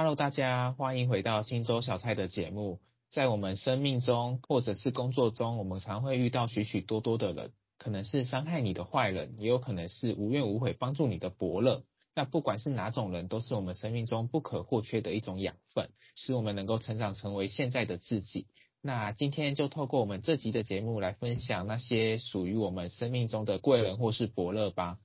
Hello，大家歡迎回到清粥小菜的節目。在我們生命中，或者是工作中，我們常會遇到許許多多的人，可能是傷害你的壞人，也有可能是無怨無悔幫助你的伯樂。那不管是哪種人，都是我們生命中不可或缺的一種養分，使我們能夠成長成為現在的自己。那今天就透過我們這集的節目來分享那些屬於我們生命中的貴人或是伯樂吧。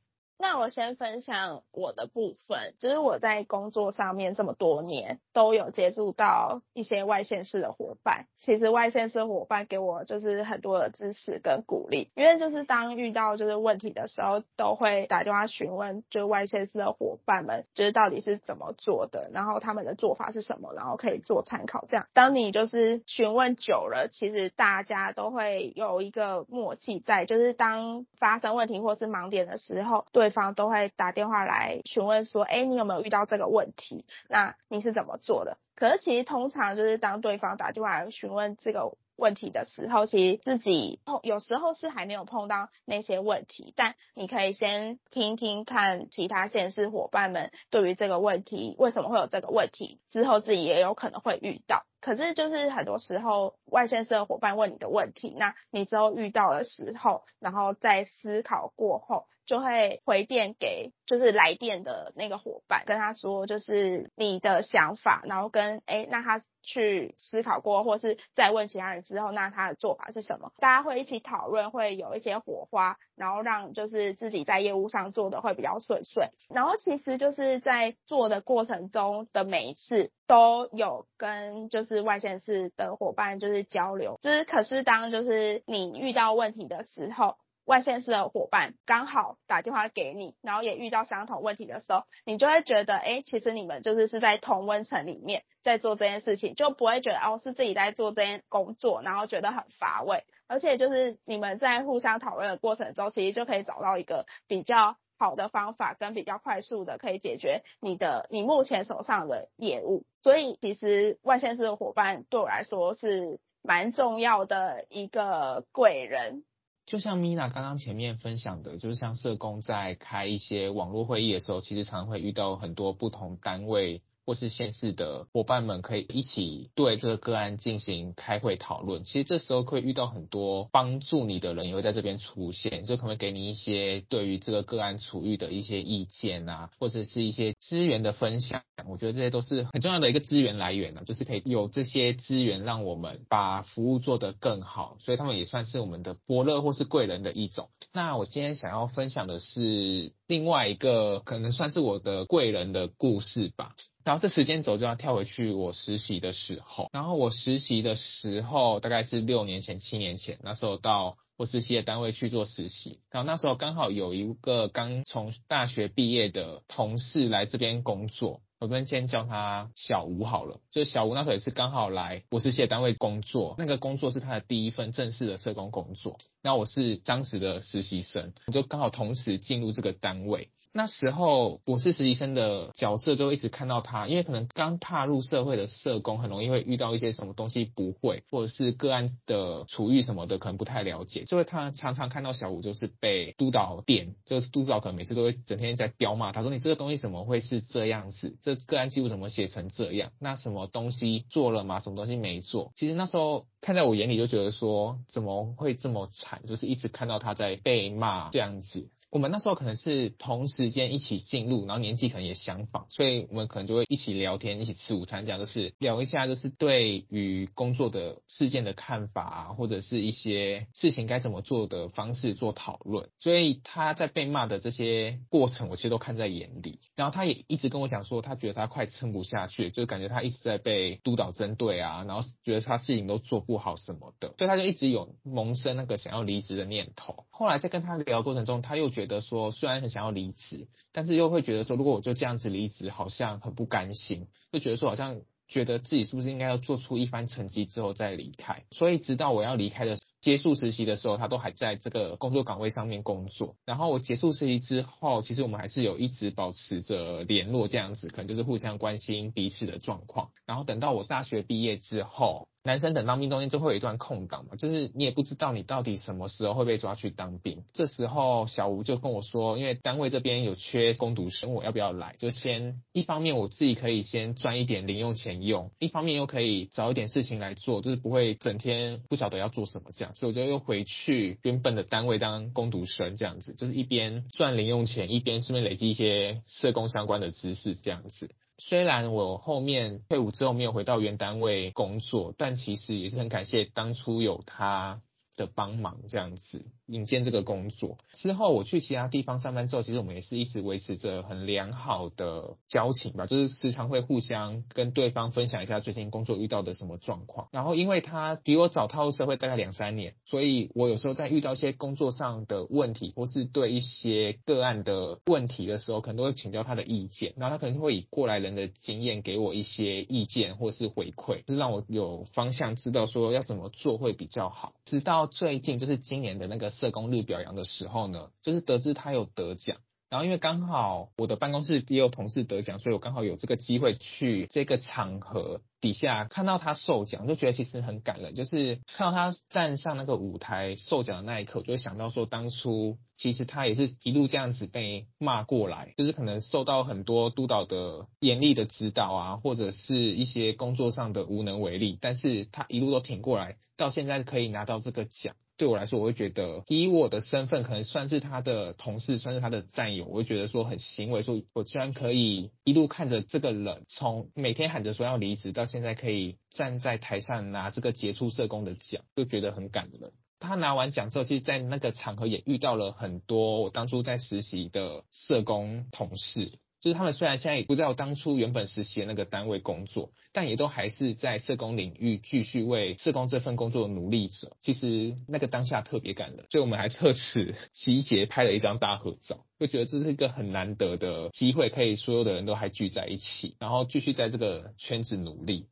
那我先分享我的部分，就是我在工作上面這麼多年，都有接觸到一些外縣市的夥伴。其實外縣市夥伴給我就是很多的支持跟鼓勵，因為就是當遇到就是問題的時候，都會打電話詢問，就是外縣市的夥伴們，就是到底是怎麼做的，然後他們的做法是什麼，然後可以做參考。這樣，當你就是詢問久了，其實大家都會有一個默契在，就是當發生問題或是盲點的時候，對。方都會打電話來詢問說：“誒，你有沒有遇到這個問題？那你是怎麼做的？”可是其實通常就是當對方打電話來詢問這個問題的時候，其實自己碰有時候是還沒有碰到那些問題，但你可以先聽一聽看其他縣市伙伴們對於這個問題為什麼會有這個問題之後，自己也有可能會遇到。可是，就是很多時候外線社的夥伴問你的問題，那你之後遇到的時候，然後再思考過後，就會回電給就是來電的那個夥伴，跟他說就是你的想法，然後跟哎，那他去思考過，或是再問其他人之後，那他的做法是什麼？大家會一起討論，會有一些火花，然後讓就是自己在業務上做的會比較順遂。然後其實就是在做的過程中的每一次都有跟就是。是外縣市的夥伴，就是交流，就是可是當就是你遇到問題的時候，外縣市的夥伴剛好打電話給你，然後也遇到相同問題的時候，你就會覺得，哎、欸，其實你們就是是在同溫層裡面在做這件事情，就不會覺得哦是自己在做這件工作，然後覺得很乏味，而且就是你們在互相討論的過程中，其實就可以找到一個比較好的方法跟比較快速的，可以解決你的你目前手上的業務。所以其實外縣市的夥伴對我來說是蠻重要的一個貴人。就像米娜剛剛前面分享的，就是像社工在開一些網絡會議的時候，其實常常會遇到很多不同單位。或是縣市的夥伴們可以一起對這個個案進行開會討論。其實這時候會遇到很多幫助你的人，也會在這邊出現，就可能會給你一些對於這個個案處遇的一些意見啊，或者是一些資源的分享。我覺得這些都是很重要的一個資源來源呢、啊，就是可以有這些資源讓我們把服務做得更好。所以他們也算是我們的伯樂或是貴人的一種。那我今天想要分享的是另外一個可能算是我的貴人的故事吧。然後這時間軸就要跳回去我實習的時候，然後我實習的時候大概是六年前、七年前，那時候到保護性的單位去做實習。然後那時候剛好有一個剛從大學畢業的同事來這邊工作，我們先叫他小吳好了。就小吳那時候也是剛好來保護性的單位工作，那個工作是他的第一份正式的社工工作。那我是當時的實習生，就剛好同時進入這個單位。那時候我是實習生的角色，就會一直看到他，因為可能剛踏入社會的社工，很容易會遇到一些什麼東西不會，或者是個案的處遇什麼的，可能不太了解，就會他常常看到小五就是被督導電，就是督導可能每次都會整天在飆罵他，他說你這個東西怎麼會是這樣子，這個，個案記錄怎麼寫成這樣，那什麼東西做了嗎？什麼東西沒做？其實那時候看在我眼裡就覺得說怎麼會這麼慘，就是一直看到他在被罵這樣子。我們那時候可能是同時間一起進入，然後年紀可能也相仿，所以我們可能就會一起聊天，一起吃午餐，這樣就是聊一下，就是對於工作的事件的看法啊，或者是一些事情該怎麼做的方式做討論。所以他在被罵的這些過程，我其實都看在眼裡。然後他也一直跟我講說，他覺得他快撐不下去，就感覺他一直在被督導針對啊，然後覺得他事情都做不好什麼的，所以他就一直有萌生那個想要離職的念頭。後來在跟他聊過程中，他又覺得。覺得說，雖然很想要離職，但是又會覺得說，如果我就這樣子離職，好像很不甘心，就覺得說好像覺得自己是不是應該要做出一番成績之後再離開。所以直到我要離開的結束實習的時候，他都還在這個工作崗位上面工作。然後我結束實習之後，其實我們還是有一直保持着聯絡，這樣子可能就是互相關心彼此的狀況。然後等到我大學畢業之後。男生等當兵中間就會有一段空檔嘛，就是你也不知道你到底什麼時候會被抓去當兵。這時候小吳就跟我說，因為單位這邊有缺工讀生，我要不要來？就先一方面我自己可以先賺一點零用錢用，一方面又可以找一點事情來做，就是不會整天不曉得要做什麼這樣。所以我就又回去，原本的單位當工讀生這樣子，就是一邊賺零用錢，一邊順便累積一些社工相關的知識這樣子。雖然我後面退伍之後沒有回到原單位工作，但其實也是很感謝當初有他的幫忙這樣子引薦這個工作之後，我去其他地方上班之後，其實我們也是一直維持着很良好的交情吧，就是時常會互相跟對方分享一下最近工作遇到的什麼狀況。然後因為他比我早踏入社會大概兩三年，所以我有時候在遇到一些工作上的問題或是對一些個案的問題的時候，可能都會請教他的意見，然後他可能會以過來人的經驗給我一些意見或是回饋，讓我有方向知道說要怎麼做會比較好，直到。最近就是今年的那個社工日表揚的時候呢，就是得知他有得獎。然後因為剛好我的辦公室也有同事得獎，所以我剛好有這個機會去這個場合底下看到他受獎，就覺得其實很感人。就是看到他站上那個舞台受獎的那一刻，我就會想到說，當初其實他也是一路這樣子被罵過來，就是可能受到很多督導的嚴厲的指導啊，或者是一些工作上的無能為力，但是他一路都挺過來，到現在可以拿到這個獎。對我來說，我會覺得以我的身份，可能算是他的同事，算是他的戰友。我會覺得說很欣慰，說我居然可以一路看着這個人從每天喊着說要離職，到現在可以站在台上拿這個傑出社工的獎，就覺得很感人。他拿完獎之後，其實在那個場合也遇到了很多我當初在實習的社工同事。就是他們雖然現在也不在我當初原本實習的那個單位工作，但也都還是在社工領域繼續為社工這份工作的努力着。其實那個當下特別感人，所以我們還特此集結拍了一張大合照，就覺得這是一個很難得的機會，可以所有的人都還聚在一起，然後繼續在這個圈子努力。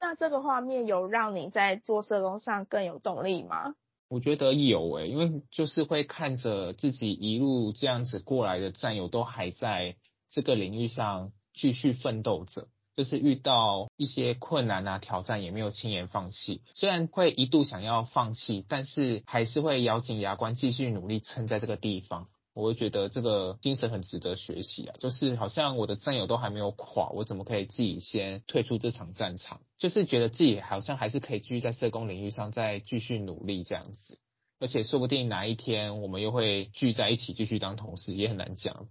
那這個畫面有讓你在做社工上更有動力嗎？我覺得有誒、欸，因為就是會看着自己一路這樣子過來的戰友都還在。這個領域上繼續奮鬥着，就是遇到一些困難啊、挑戰也沒有輕言放棄。雖然會一度想要放棄，但是還是會咬緊牙關繼續努力撐在這個地方。我會覺得這個精神很值得學習啊！就是好像我的戰友都還沒有垮，我怎麼可以自己先退出這場戰場？就是覺得自己好像還是可以繼續在社工領域上再繼續努力這樣子。而且說不定哪一天我們又會聚在一起繼續當同事，也很難講。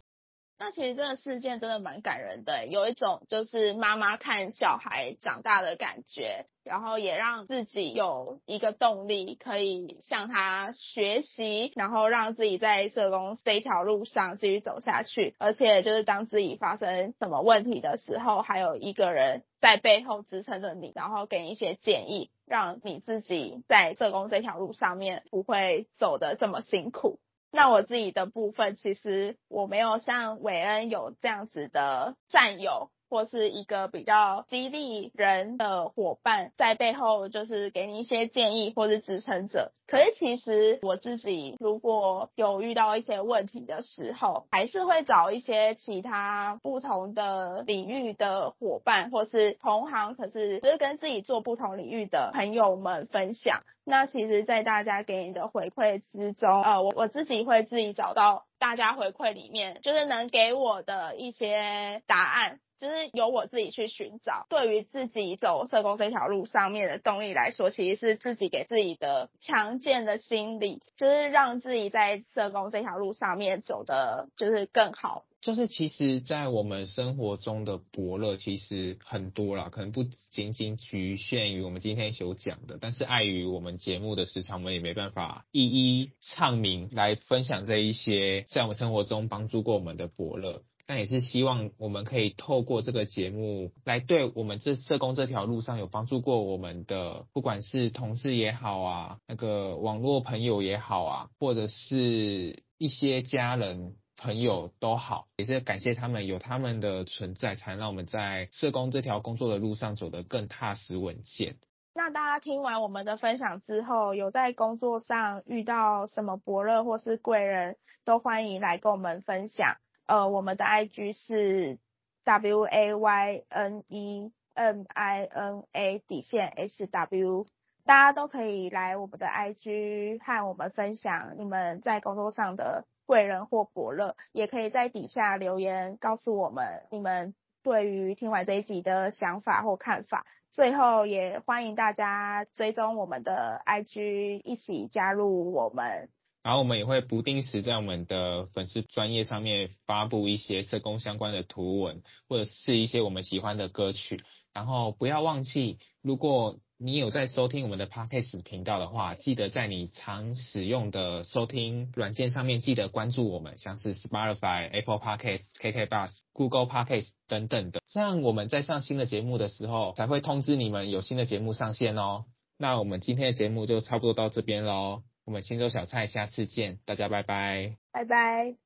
那其實這個事件真的蠻感人的，有一種就是媽媽看小孩長大的感覺，然後也讓自己有一個動力，可以向他學習，然後讓自己在社工這條路上繼續走下去。而且就是當自己發生什麼問題的時候，還有一個人在背後支撐着你，然後給你一些建議，讓你自己在社工這條路上面不會走得這麼辛苦。那我自己的部分，其實我沒有像韋恩有這樣子的戰友。或是一個比較激勵人的夥伴，在背後就是給你一些建議或是支撐者。可是其實我自己如果有遇到一些問題的時候，還是會找一些其他不同的領域的夥伴或是同行，可是就是跟自己做不同領域的朋友們分享。那其實，在大家給你的回饋之中，呃，我我自己會自己找到。大家回饋裡面，就是能給我的一些答案，就是由我自己去尋找。對於自己走社工這條路上面的動力來說，其實是自己給自己的強健的心理，就是讓自己在社工這條路上面走得，就是更好。就是其實，在我們生活中的伯樂其實很多啦，可能不僅僅局限於我們今天所講的，但是礙於我們節目的時長，我們也沒辦法一一唱名來分享這一些在我們生活中幫助過我們的伯樂。但也是希望我們可以透過這個節目來，對我們這社工這條路上有幫助過我們的，不管是同事也好啊，那個網絡朋友也好啊，或者是一些家人。朋友都好，也是感謝他們，有他們的存在，才能讓我們在社工這條工作的路上走得更踏實穩健。那大家聽完我們的分享之後，有在工作上遇到什麼伯樂或是貴人，都歡迎來跟我們分享。呃，我們的 I G 是 w a y n e m i n a 底線 s w，大家都可以來我們的 I G 和我們分享你們在工作上的。貴人或伯樂，也可以在底下留言告訴我們你們對於聽完這一集的想法或看法。最後，也歡迎大家追蹤我們的 IG，一起加入我們。然後，我們也會不定時在我們的粉絲專頁上面發布一些社工相關的圖文，或者是一些我們喜歡的歌曲。然後，不要忘記，如果，你有在收聽我們的 podcast 頻道的話，記得在你常使用的收聽軟件上面記得關注我們，像是 Spotify、Apple p o d c a s t KK Bus、Google p o d c a s t 等等的，這樣我們在上新的節目的時候才會通知你們有新的節目上線哦。那我們今天的節目就差不多到這邊嘍，我們新洲小菜下次見，大家拜拜，拜拜。